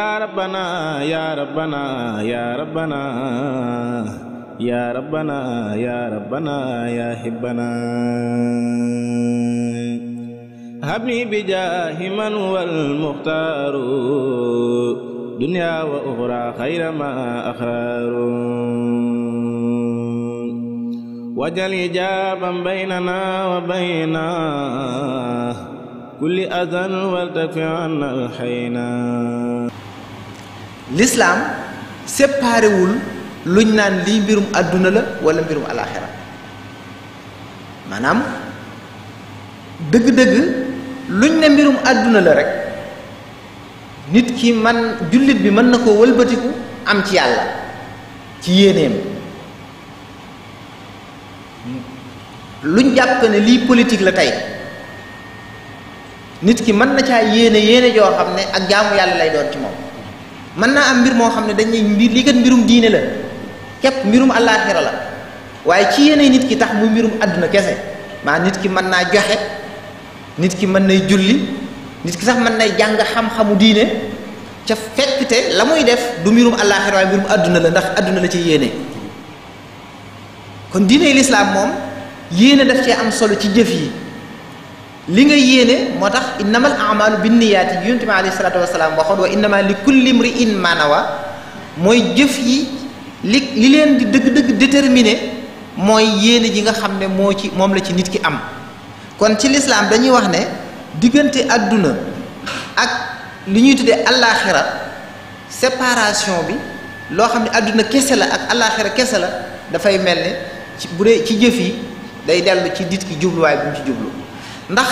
يا ربنا يا ربنا يا ربنا يا ربنا يا ربنا يا حبنا هبني بجاه من هو المختار دنيا وأخرى خير ما أخرار وجل جابا بيننا وبين كل أذى ولتكفي عنا الحينا lislaam séparé wul luñ naan lii mbirum àdduna la wala mbirum alaaxira maanaam dëgg-dëgg luñ ne mbirum àdduna la rek nit ki man jullit bi mën na koo walbatiku am ci yàlla ci yéeneem luñ jàpp ne lii politique la tey nit ki mën na caa yéene yéene joo xam ne ak jaamu yàlla lay doon ci moom mën naa am mbir moo xam ne dañuy mbir li kat mbirum diine la képp mbirum àllaaxira la waaye ci yeneen nit ki tax mu mbirum àdduna kese maa nit ki mën naa joxe nit ki mën nay julli nit ki sax mën nay jàng xam-xamu diine ca fekk te la muy def du mbirum àllaaxira waaye mbirum àdduna la ndax àdduna la ci yéene kon diine lislaam moom yéene daf cee am solo ci jëf yi li nga yéene moo tax innamal amalu binniyaati yi yonent bi alayhi salaatu wasalaam waxoon wa innama li kulli mri'in ma nawa mooy jëf yi li li leen di dëgg-dëgg déterminé mooy yéene ji nga xam ne moo ci moom la ci nit ki am kon ci lislaam dañuy wax ne diggante àdduna ak li ñuy tuddee allaaxira séparation bi loo xam ne àdduna kese la ak allaaxira kese la dafay mel ne ci bu dee ci jëf yi day dellu ci nit ki jubluwaay bu mu ci jublu ndax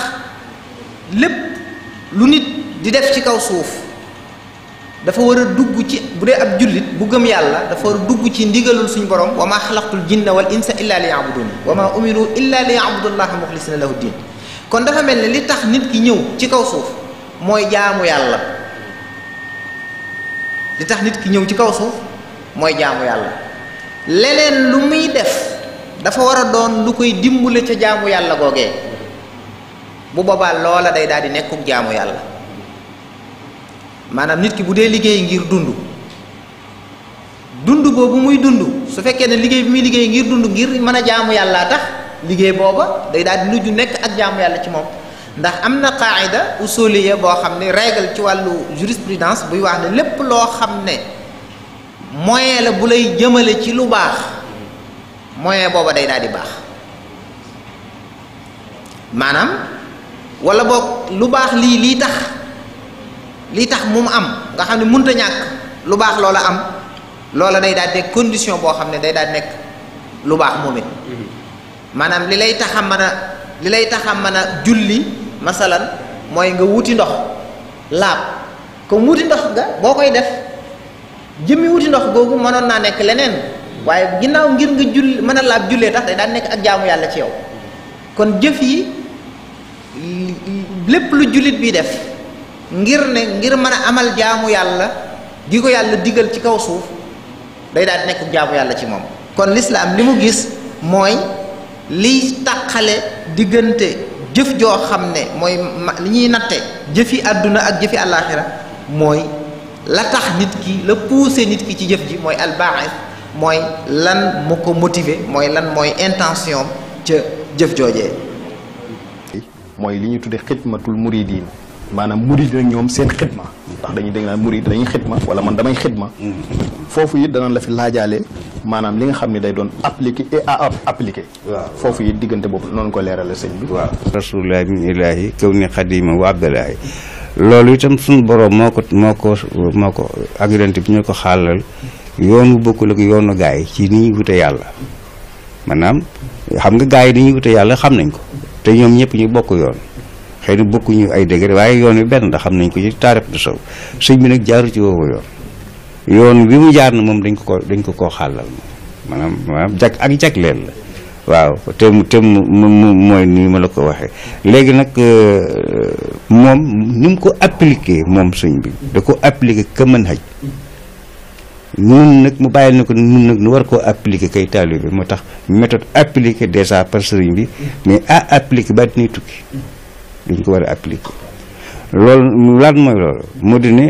lépp lu nit di def ci kaw suuf dafa war a dugg ci bu dee ab jullit bu gëm yàlla dafa war a dugg ci ndigalul suñu borom wa maa xalaqtul wal insa illa li yabudun wa maa umiru illa li yabudullaha muxlisina lahu din kon dafa mel ne li tax nit ki ñëw ci kaw suuf mooy jaamu yàlla li tax nit ki ñëw ci kaw suuf mooy jaamu yàlla leneen lu muy def dafa war a doon lu koy dimbale ca jaamu yàlla googee bu boobaa loola day daal di nekkuk jaamu yàlla maanaam nit ki bu dee liggéey ngir dund dund boobu muy dund su fekkee ne liggéey bi muy liggéey ngir dund ngir mën a jaamu yàllaa tax liggéey booba day daal di mujj nekk ak jaamu yàlla ci moom ndax am na qaayida usuliya boo xam ne règle ci wàllu jurisprudence buy wax ne lépp loo xam ne moyen la bu lay jëmale ci lu baax moyen booba day daal di baax maanaam wala boog lu baax lii lii tax lii tax mu am nga xam ne munta ñàkk lu baax loola am loola day daal nekk condition boo xam ne day daal nekk lu baax moom it mm-hmm. maanaam li lay tax a mën li lay tax a mën a julli masalan mooy nga wuti ndox laab comme wuti ndox ga boo koy def jëmmi wuti ndox googu mënoon naa nekk leneen waaye ginnaaw ngir nga julli mën a laab jullee tax day daan nekk ak jaamu yàlla ci yow mm-hmm. kon jëf yi lépp lu jullit bi def ngir ne ngir mën a amal jaamu yàlla gi ko yàlla diggal ci kaw suuf day daal di nekk jaamu yàlla ci moom kon lislaam li mu gis mooy liy taqale diggante jëf joo xam ne mooy li ñuy natte jëfi àdduna ak jëfi àllaaxira mooy la tax nit ki la poussé nit ki ci jëf ji mooy albaaxis mooy lan mu ko motiver mooy lan mooy intention ca jëf joojee mooy li ñu tuddee xidmatul muridiin maanaam murid nag ñoom seen xidma ndax dañuy dégg naa murid dañuy xidma wala man damay xidma foofu it danañ la fi laajaale maanaam li nga xam ne day doon appliqué et à foofu yi diggante boobu noonu ko leerale sëñ bi waaw rasulullah min ilahi kaw ni xadima wa abdalahi loolu itam suñu boroom moo ko moo ko moo ko ak yonent bi ñu ko xaalal yoonu bokkul ak yoonu gaay ci ni ñuy wute yàlla maanaam xam nga gaay yi ni ñuy wute xam nañ ko te ñoom ñëpp ñu bokk yoon xëy na bokkuñu ay degré waaye yoon wi benn da xam nañ ko ci taarif du sow sëñ bi nag jaaru ci woowu yoon yoon bi mu jaar na moom dañ ko ko dañ ko koo xàllal maanaam maanaam jag ak jagleel la waaw te mu te mooy nii ma la ko waxee léegi nag euh, moom ni mu ko appliqué moom sëñ bi da ko appliqué ka mën nun nag mu bàyyil na ko nun nag nu war koo appliquer kay taalibe moo tax méthode appliquer déjà par sëriñ bi mais à appliquer ba dinay tukki dañ ko war a appliquer loolu lan mooy loolu moo di ne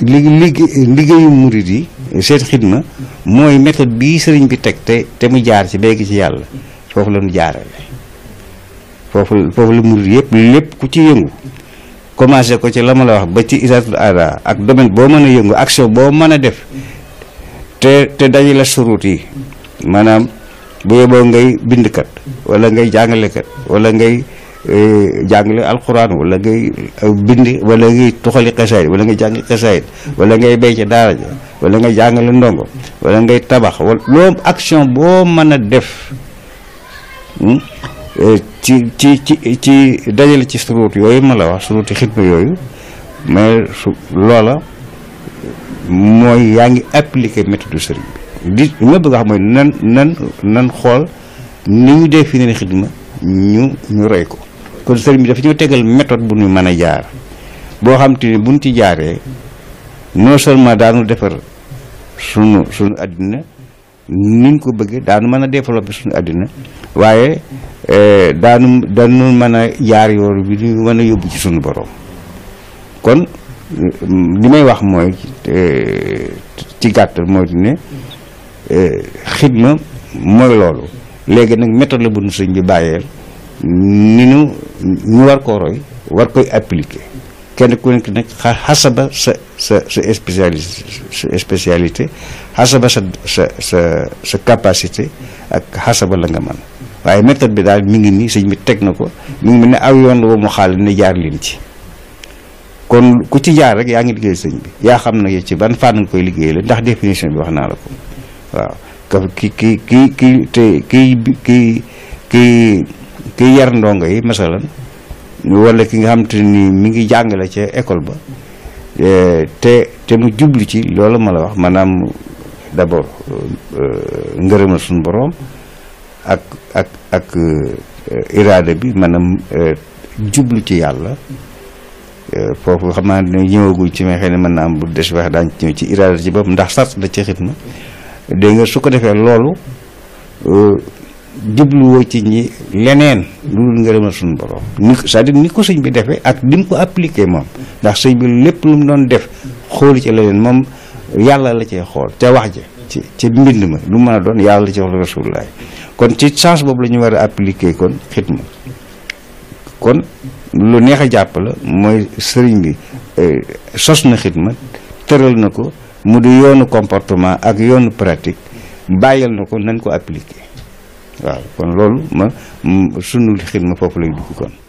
liggéey liggéeyu murid yi seen xidma mooy méthode bii sëriñ bi teg te te mu jaar ci béygi ci yàlla foofu la ñu jaarale foofu foofu la murid yëpp lépp ku ci yëngu commencé ko ci la ma la wax ba ci isaatul ada ak domaine boo mën a yëngu action boo mën a def te te dajale surut yi maanaam bu yeboo ngay bindkat wala ngay jàngale jàngalekat wala ngay e, jàngale alxuraan wala ngay e, bind wala ngay tuxali xasaayit wala ngay jàngale xasaayit wala ngay béy ca daara ja ngay jàngale ndongo wala ngay tabax wala loo action boo mën a def hmm, e, ci ci ci ci dajale ci surut yooyu ma la wax suruti xitma yooyu mais loola mooy yaa ngi appliqué méthode sëriñ bi li ma bëgg a wax mooy nan nan nan xool ni ñu définir xidma ñu ñu rey ko kon sëriñ bi dafa ñoo tegal méthode bu ñu mën a jaar boo xam te ni buñ ci jaaree non seulement daanu defar sunu sunu àddina niñ ko bëggee daanu mën a développé suñu àddina waaye e, daanu daanu mën a jaar yoon bi ñu mën a yóbbu ci suñu borom kon li may wax mooy ci gàttal mooy ne eh, xidma mooy loolu léegi nag méthode la bu nu sëñ bi bàyyeel ni ñu ñu war koo roy war koy appliquer kenn ku nekk nag xasaba sa sa sa spécialité sa xasaba sa sa sa sa capacité ak xasaba la nga man waaye méthode bi daal mi ngi nii sëñ bi teg na ko mi ngi mel ne aw yoon la ba mu xaal ne jaar leen ci kon ku ci jaar rek yaa ngi liggéey sëñ bi yaa xam na ci ban fànn nga koy liggéey la ndax définition bi wax naa la ko waaw ki ki ki ki te ki ki ki yar ndongo yi masalan wala ki nga xam te ni mi ngi jàngale ca école ba eh, te te mu jublu ci loolu ma la wax maanaam d'abord euh, ngërëmal suñ boroom ak ak ak euh, iraada bi maanaam euh, jublu ci yàlla Euh, foofu xam naa ne ñëwaguñ ci mais xëy na mën naa am bu des wax daañu ci ñëw ci iraada ci bopp ndax sart na ci xidma dégg nga su ko defee loolu euh, jubluwoo ci ñi leneen lu dul ngërëmal suñu borom ni c'est-à-dire ni ko sëñ bi defee ak ni mu ko appliqué moom ndax sëy bi lépp lu mu doon def xool ci leneen moom yàlla la cee xool ca wax ja ci ci mbind ma lu mën a doon yàlla la ci wax rasulullah kon ci sens boobu la ñu war a appliqué kon xidma kon lu neex a jàpp la mooy sëriñ bi eh, sos na xidma tëral na ko mu di yoonu comportement ak yoonu pratique bàyyal na ko nañ ko appliquer waaw kon loolu ma sunu xidma foofu lay dugg kon